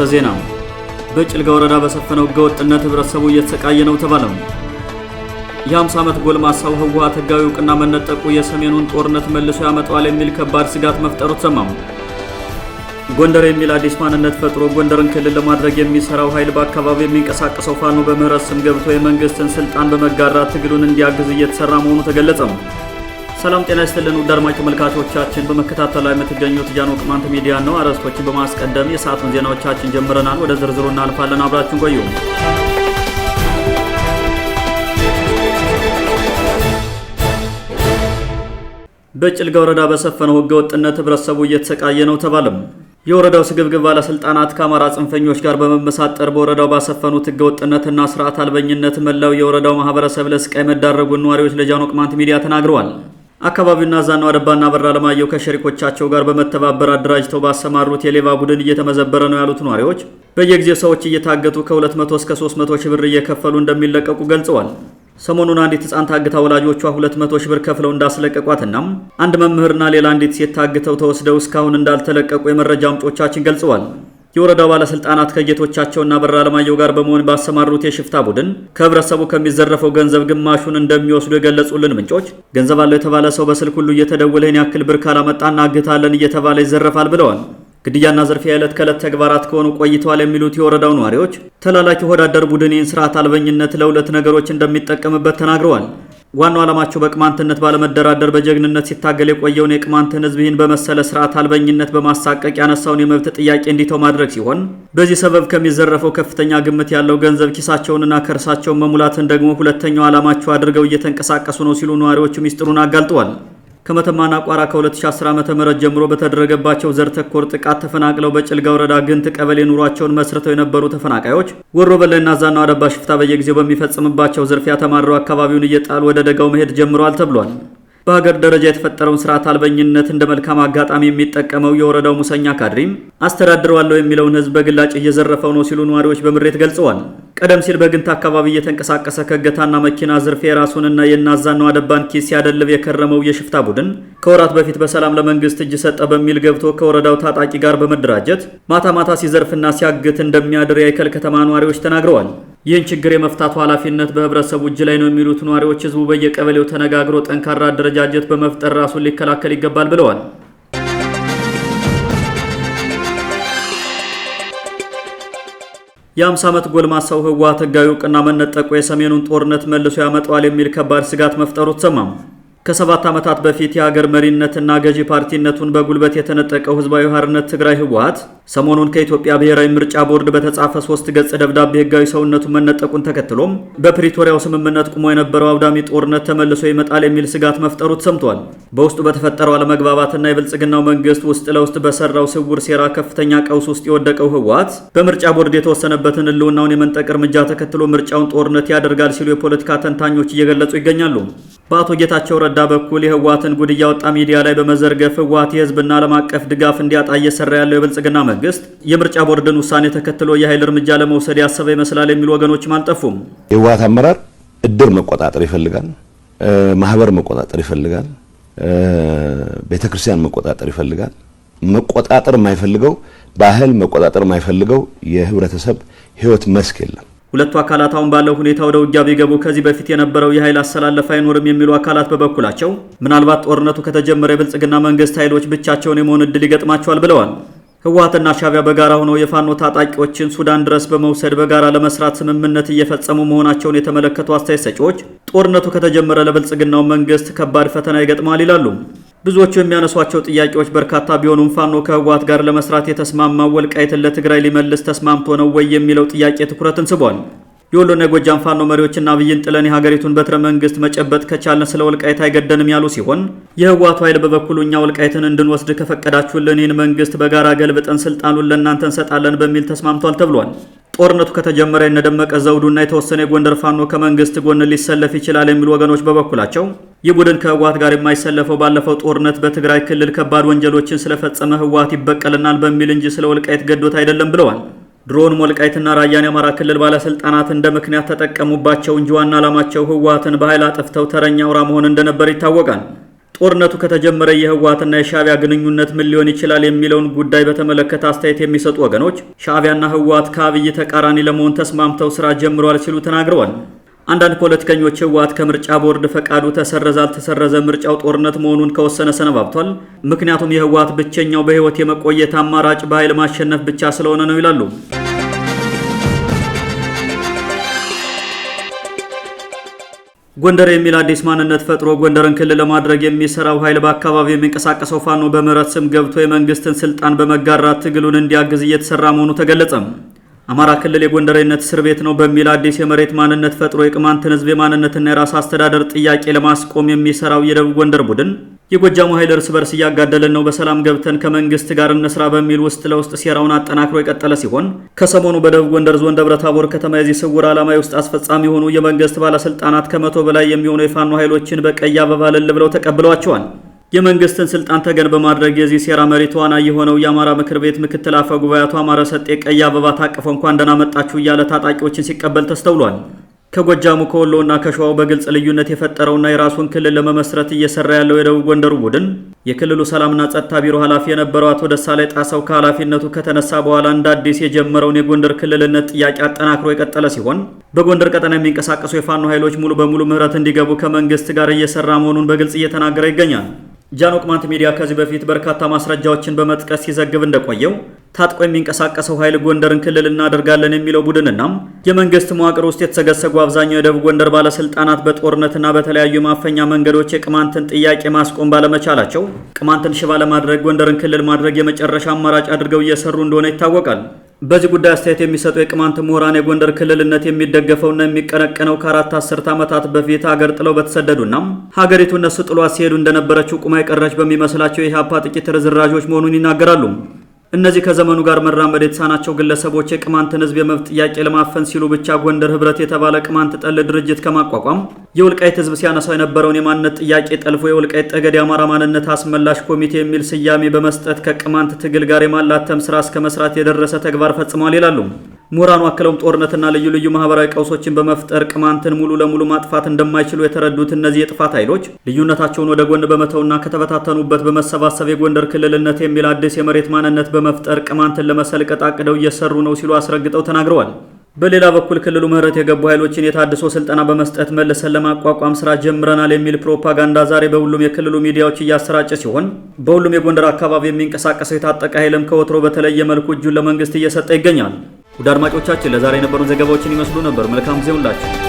አርዕስተ ዜና። በጭልጋ ወረዳ በሰፈነው ህገወጥነት ህብረተሰቡ እየተሰቃየ ነው ተባለ የ የ50 ዓመት ጎልማሳው ህወሓት ህጋዊ እውቅና መነጠቁ የሰሜኑን ጦርነት መልሶ ያመጣዋል የሚል ከባድ ስጋት መፍጠሩ ተሰማም። ጎንደር የሚል አዲስ ማንነት ፈጥሮ ጎንደርን ክልል ለማድረግ የሚሰራው ኃይል በአካባቢው የሚንቀሳቀሰው ፋኖ በምህረት ስም ገብቶ የመንግስትን ስልጣን በመጋራት ትግሉን እንዲያግዝ እየተሰራ መሆኑ ተገለጸም። ሰላም ጤና ይስጥልን ውድ አድማጭ ተመልካቾቻችን፣ በመከታተል ላይ የምትገኙት ጃኖ ቅማንት ሚዲያ ነው። አርዕስቶችን በማስቀደም የሰዓቱን ዜናዎቻችን ጀምረናል። ወደ ዝርዝሩ እናልፋለን። አብራችን ቆዩ። በጭልጋ ወረዳ በሰፈነው ወጥነት ህብረተሰቡ እየተሰቃየ ነው ተባለም። የወረዳው ስግብግብ ባለስልጣናት ከአማራ ጽንፈኞች ጋር በመመሳጠር በወረዳው ባሰፈኑት ህገ ወጥነትና ስርዓት አልበኝነት መላው የወረዳው ማህበረሰብ ለስቃይ መዳረጉን ነዋሪዎች ለጃኖ ቅማንት ሚዲያ ተናግረዋል። አካባቢውና ዛናው አረባና በራ አለማየው ከሸሪኮቻቸው ጋር በመተባበር አደራጅተው ባሰማሩት የሌባ ቡድን እየተመዘበረ ነው ያሉት ነዋሪዎች በየጊዜው ሰዎች እየታገቱ ከ200 እስከ 300 ሺህ ብር እየከፈሉ እንደሚለቀቁ ገልጸዋል። ሰሞኑን አንዲት ህፃን ታግታ ወላጆቿ 200 ሺህ ብር ከፍለው እንዳስለቀቋትና አንድ መምህርና ሌላ አንዲት ሴት ታግተው ተወስደው እስካሁን እንዳልተለቀቁ የመረጃ ምንጮቻችን ገልጸዋል። የወረዳው ባለስልጣናት ከጌቶቻቸውና በራ አለማየሁ ጋር በመሆን ባሰማሩት የሽፍታ ቡድን ከህብረተሰቡ ከሚዘረፈው ገንዘብ ግማሹን እንደሚወስዱ የገለጹልን ምንጮች ገንዘብ አለው የተባለ ሰው በስልክ ሁሉ እየተደወለ እየተደወለህን ያክል ብር ካላመጣና አግታለን እየተባለ ይዘረፋል ብለዋል። ግድያና ዝርፊያ የዕለት ከዕለት ተግባራት ከሆኑ ቆይተዋል የሚሉት የወረዳው ነዋሪዎች ተላላኪ ወዳደር ቡድን ይህን ስርዓት አልበኝነት ለሁለት ነገሮች እንደሚጠቀምበት ተናግረዋል። ዋናው ዓላማቸው በቅማንትነት ባለመደራደር በጀግንነት ሲታገል የቆየውን የቅማንትን ሕዝብ ይህን በመሰለ ስርዓት አልበኝነት በማሳቀቅ ያነሳውን የመብት ጥያቄ እንዲተው ማድረግ ሲሆን በዚህ ሰበብ ከሚዘረፈው ከፍተኛ ግምት ያለው ገንዘብ ኪሳቸውንና ከርሳቸውን መሙላትን ደግሞ ሁለተኛው ዓላማቸው አድርገው እየተንቀሳቀሱ ነው ሲሉ ነዋሪዎቹ ሚስጥሩን አጋልጠዋል። ከመተማና ቋራ ከ2010 ዓ ም ጀምሮ በተደረገባቸው ዘር ተኮር ጥቃት ተፈናቅለው በጭልጋ ወረዳ ግንት ቀበሌ ኑሯቸውን መስርተው የነበሩ ተፈናቃዮች ወሮ በለና ዛናው አደባ ሽፍታ በየጊዜው በሚፈጽምባቸው ዝርፊያ ተማረው አካባቢውን እየጣሉ ወደ ደጋው መሄድ ጀምረዋል ተብሏል። በሀገር ደረጃ የተፈጠረውን ስርዓት አልበኝነት እንደ መልካም አጋጣሚ የሚጠቀመው የወረዳው ሙሰኛ ካድሪም አስተዳድረዋለሁ የሚለውን ህዝብ በግላጭ እየዘረፈው ነው ሲሉ ነዋሪዎች በምሬት ገልጸዋል። ቀደም ሲል በግንት አካባቢ እየተንቀሳቀሰ ከገታና መኪና ዝርፊያ የራሱንና የናዛናው አደባን ኪስ ሲያደልብ የከረመው የሽፍታ ቡድን ከወራት በፊት በሰላም ለመንግስት እጅ ሰጠ በሚል ገብቶ ከወረዳው ታጣቂ ጋር በመደራጀት ማታ ማታ ሲዘርፍና ሲያግት እንደሚያድር የአይከል ከተማ ነዋሪዎች ተናግረዋል። ይህን ችግር የመፍታቱ ኃላፊነት በህብረተሰቡ እጅ ላይ ነው የሚሉት ነዋሪዎች ህዝቡ በየቀበሌው ተነጋግሮ ጠንካራ አደረጃጀት በመፍጠር ራሱን ሊከላከል ይገባል ብለዋል። ዓመት ጎልማሳው ህወሓት ህጋዊ እውቅና መነጠቁ የሰሜኑን ጦርነት መልሶ ያመጣዋል የሚል ከባድ ስጋት መፍጠሩ ተሰማም። ከሰባት ዓመታት በፊት የሀገር መሪነትና ገዢ ፓርቲነቱን በጉልበት የተነጠቀው ህዝባዊ ሀርነት ትግራይ ህወሀት ሰሞኑን ከኢትዮጵያ ብሔራዊ ምርጫ ቦርድ በተጻፈ ሶስት ገጽ ደብዳቤ ህጋዊ ሰውነቱን መነጠቁን ተከትሎም በፕሪቶሪያው ስምምነት ቁሞ የነበረው አውዳሚ ጦርነት ተመልሶ ይመጣል የሚል ስጋት መፍጠሩ ተሰምቷል። በውስጡ በተፈጠረው አለመግባባትና የብልጽግናው መንግስት ውስጥ ለውስጥ በሰራው ስውር ሴራ ከፍተኛ ቀውስ ውስጥ የወደቀው ህወሀት በምርጫ ቦርድ የተወሰነበትን ህልውናውን የመንጠቅ እርምጃ ተከትሎ ምርጫውን ጦርነት ያደርጋል ሲሉ የፖለቲካ ተንታኞች እየገለጹ ይገኛሉ። በአቶ ጌታቸው ረዳ በወረዳ በኩል የህወሓትን ጉድ እያወጣ ሚዲያ ላይ በመዘርገፍ ህወሓት የህዝብና ዓለም አቀፍ ድጋፍ እንዲያጣ እየሰራ ያለው የብልጽግና መንግስት የምርጫ ቦርድን ውሳኔ ተከትሎ የኃይል እርምጃ ለመውሰድ ያሰበ ይመስላል የሚሉ ወገኖችም አልጠፉም። የህወሓት አመራር እድር መቆጣጠር ይፈልጋል፣ ማህበር መቆጣጠር ይፈልጋል፣ ቤተክርስቲያን መቆጣጠር ይፈልጋል። መቆጣጠር የማይፈልገው ባህል መቆጣጠር የማይፈልገው የህብረተሰብ ህይወት መስክ የለም። ሁለቱ አካላት አሁን ባለው ሁኔታ ወደ ውጊያ ቢገቡ ከዚህ በፊት የነበረው የኃይል አሰላለፍ አይኖርም የሚሉ አካላት በበኩላቸው ምናልባት ጦርነቱ ከተጀመረ የብልጽግና መንግስት ኃይሎች ብቻቸውን የመሆን እድል ይገጥማቸዋል ብለዋል። ህወሀትና ሻቢያ በጋራ ሆነው የፋኖ ታጣቂዎችን ሱዳን ድረስ በመውሰድ በጋራ ለመስራት ስምምነት እየፈጸሙ መሆናቸውን የተመለከቱ አስተያየት ሰጪዎች ጦርነቱ ከተጀመረ ለብልጽግናው መንግስት ከባድ ፈተና ይገጥማል ይላሉ። ብዙዎቹ የሚያነሷቸው ጥያቄዎች በርካታ ቢሆኑም ፋኖ ከህወሓት ጋር ለመስራት የተስማማው ወልቃይትን ለትግራይ ሊመልስ ተስማምቶ ነው ወይ የሚለው ጥያቄ ትኩረትን ስቧል። የወሎና የጎጃም ፋኖ መሪዎችና አብይን ጥለን የሀገሪቱን በትረ መንግስት መጨበጥ ከቻለን ስለ ወልቃይት አይገደንም ያሉ ሲሆን የህወሓቱ ኃይል በበኩሉ እኛ ወልቃይትን እንድንወስድ ከፈቀዳችሁልን ይህን መንግስት በጋራ ገልብጠን ስልጣኑን ለእናንተ እንሰጣለን በሚል ተስማምቷል ተብሏል። ጦርነቱ ከተጀመረ የነደመቀ ዘውዱና የተወሰነ የጎንደር ፋኖ ከመንግስት ጎን ሊሰለፍ ይችላል የሚሉ ወገኖች በበኩላቸው ይህ ቡድን ከህወሓት ጋር የማይሰለፈው ባለፈው ጦርነት በትግራይ ክልል ከባድ ወንጀሎችን ስለፈጸመ ህወሓት ይበቀልናል በሚል እንጂ ስለ ወልቃይት ገዶት አይደለም ብለዋል። ድሮን ወልቃይትና ራያን የአማራ ክልል ባለስልጣናት እንደ ምክንያት ተጠቀሙባቸው እንጂ ዋና ዓላማቸው ህወሓትን በኃይል አጥፍተው ተረኛ አውራ መሆን እንደነበር ይታወቃል። ጦርነቱ ከተጀመረ የህወሓትና የሻዕቢያ ግንኙነት ምን ሊሆን ይችላል የሚለውን ጉዳይ በተመለከተ አስተያየት የሚሰጡ ወገኖች ሻዕቢያና ህወሓት ከአብይ ተቃራኒ ለመሆን ተስማምተው ስራ ጀምረዋል ሲሉ ተናግረዋል። አንዳንድ ፖለቲከኞች ህወሓት ከምርጫ ቦርድ ፈቃዱ ተሰረዘ አልተሰረዘ ምርጫው ጦርነት መሆኑን ከወሰነ ሰነባብቷል፣ ምክንያቱም የህወሓት ብቸኛው በህይወት የመቆየት አማራጭ በኃይል ማሸነፍ ብቻ ስለሆነ ነው ይላሉ። ጎንደር የሚል አዲስ ማንነት ፈጥሮ ጎንደርን ክልል ለማድረግ የሚሰራው ኃይል በአካባቢው የሚንቀሳቀሰው ፋኖ በምህረት ስም ገብቶ የመንግስትን ስልጣን በመጋራት ትግሉን እንዲያግዝ እየተሰራ መሆኑ ተገለጸ። አማራ ክልል የጎንደሬነት እስር ቤት ነው በሚል አዲስ የመሬት ማንነት ፈጥሮ የቅማንትን ህዝብ የማንነትና የራስ አስተዳደር ጥያቄ ለማስቆም የሚሰራው የደቡብ ጎንደር ቡድን የጎጃሙ ኃይል እርስ በርስ እያጋደለን ነው፣ በሰላም ገብተን ከመንግስት ጋር እንስራ በሚል ውስጥ ለውስጥ ሴራውን አጠናክሮ የቀጠለ ሲሆን ከሰሞኑ በደቡብ ጎንደር ዞን ደብረታቦር ከተማ የዚህ ስውር ዓላማ የውስጥ አስፈጻሚ የሆኑ የመንግስት ባለስልጣናት ከመቶ በላይ የሚሆኑ የፋኖ ኃይሎችን በቀይ አበባ ልል ብለው ተቀብለዋቸዋል። የመንግስትን ስልጣን ተገን በማድረግ የዚህ ሴራ መሪ ተዋናይ የሆነው የአማራ ምክር ቤት ምክትል አፈ ጉባኤ አቶ አማረ ሰጤ ቀይ አበባ ታቅፎ እንኳን ደህና መጣችሁ እያለ ታጣቂዎችን ሲቀበል ተስተውሏል። ከጎጃሙ ከወሎና ከሸዋው በግልጽ ልዩነት የፈጠረውና የራሱን ክልል ለመመስረት እየሰራ ያለው የደቡብ ጎንደሩ ቡድን የክልሉ ሰላምና ጸጥታ ቢሮ ኃላፊ የነበረው አቶ ላይ ጣሰው ከኃላፊነቱ ከተነሳ በኋላ እንደ አዲስ የጀመረውን የጎንደር ክልልነት ጥያቄ አጠናክሮ የቀጠለ ሲሆን በጎንደር ቀጠና የሚንቀሳቀሱ የፋኖ ኃይሎች ሙሉ በሙሉ ምህረት እንዲገቡ ከመንግስት ጋር እየሰራ መሆኑን በግልጽ እየተናገረ ይገኛል። ጃኖቅማንት ሚዲያ ከዚህ በፊት በርካታ ማስረጃዎችን በመጥቀስ ሲዘግብ እንደቆየው ታጥቆ የሚንቀሳቀሰው ኃይል ጎንደርን ክልል እናደርጋለን የሚለው ቡድንና የመንግስት መዋቅር ውስጥ የተሰገሰጉ አብዛኛው የደቡብ ጎንደር ባለስልጣናት በጦርነትና በተለያዩ ማፈኛ መንገዶች የቅማንትን ጥያቄ ማስቆም ባለመቻላቸው ቅማንትን ሽባ ለማድረግ ጎንደርን ክልል ማድረግ የመጨረሻ አማራጭ አድርገው እየሰሩ እንደሆነ ይታወቃል። በዚህ ጉዳይ አስተያየት የሚሰጡ የቅማንት ምሁራን የጎንደር ክልልነት የሚደገፈውና የሚቀነቀነው ከአራት አስርት ዓመታት በፊት ሀገር ጥለው በተሰደዱና ሀገሪቱ እነሱ ጥሏት ሲሄዱ እንደነበረችው ቁማ የቀረች በሚመስላቸው የኢህአፓ ጥቂት ርዝራዦች መሆኑን ይናገራሉ። እነዚህ ከዘመኑ ጋር መራመድ የተሳናቸው ግለሰቦች የቅማንትን ህዝብ የመብት ጥያቄ ለማፈን ሲሉ ብቻ ጎንደር ህብረት የተባለ ቅማንት ጠል ድርጅት ከማቋቋም የወልቃይት ህዝብ ሲያነሳው የነበረውን የማንነት ጥያቄ ጠልፎ የወልቃይት ጠገድ የአማራ ማንነት አስመላሽ ኮሚቴ የሚል ስያሜ በመስጠት ከቅማንት ትግል ጋር የማላተም ስራ እስከ መስራት የደረሰ ተግባር ፈጽሟል ይላሉ። ምሁራኑ አክለውም ጦርነትና ልዩ ልዩ ማህበራዊ ቀውሶችን በመፍጠር ቅማንትን ሙሉ ለሙሉ ማጥፋት እንደማይችሉ የተረዱት እነዚህ የጥፋት ኃይሎች ልዩነታቸውን ወደ ጎን በመተውና ከተበታተኑበት በመሰባሰብ የጎንደር ክልልነት የሚል አዲስ የመሬት ማንነት በመፍጠር ቅማንትን ለመሰልቀጥ አቅደው እየሰሩ ነው ሲሉ አስረግጠው ተናግረዋል። በሌላ በኩል ክልሉ ምህረት የገቡ ኃይሎችን የታድሶ ስልጠና በመስጠት መልሰን ለማቋቋም ስራ ጀምረናል የሚል ፕሮፓጋንዳ ዛሬ በሁሉም የክልሉ ሚዲያዎች እያሰራጨ ሲሆን በሁሉም የጎንደር አካባቢ የሚንቀሳቀሰው የታጠቀ ኃይልም ከወትሮ በተለየ መልኩ እጁን ለመንግስት እየሰጠ ይገኛል። ውድ አድማጮቻችን ለዛሬ የነበሩን ዘገባዎችን ይመስሉ ነበር። መልካም ጊዜ ሁላችሁ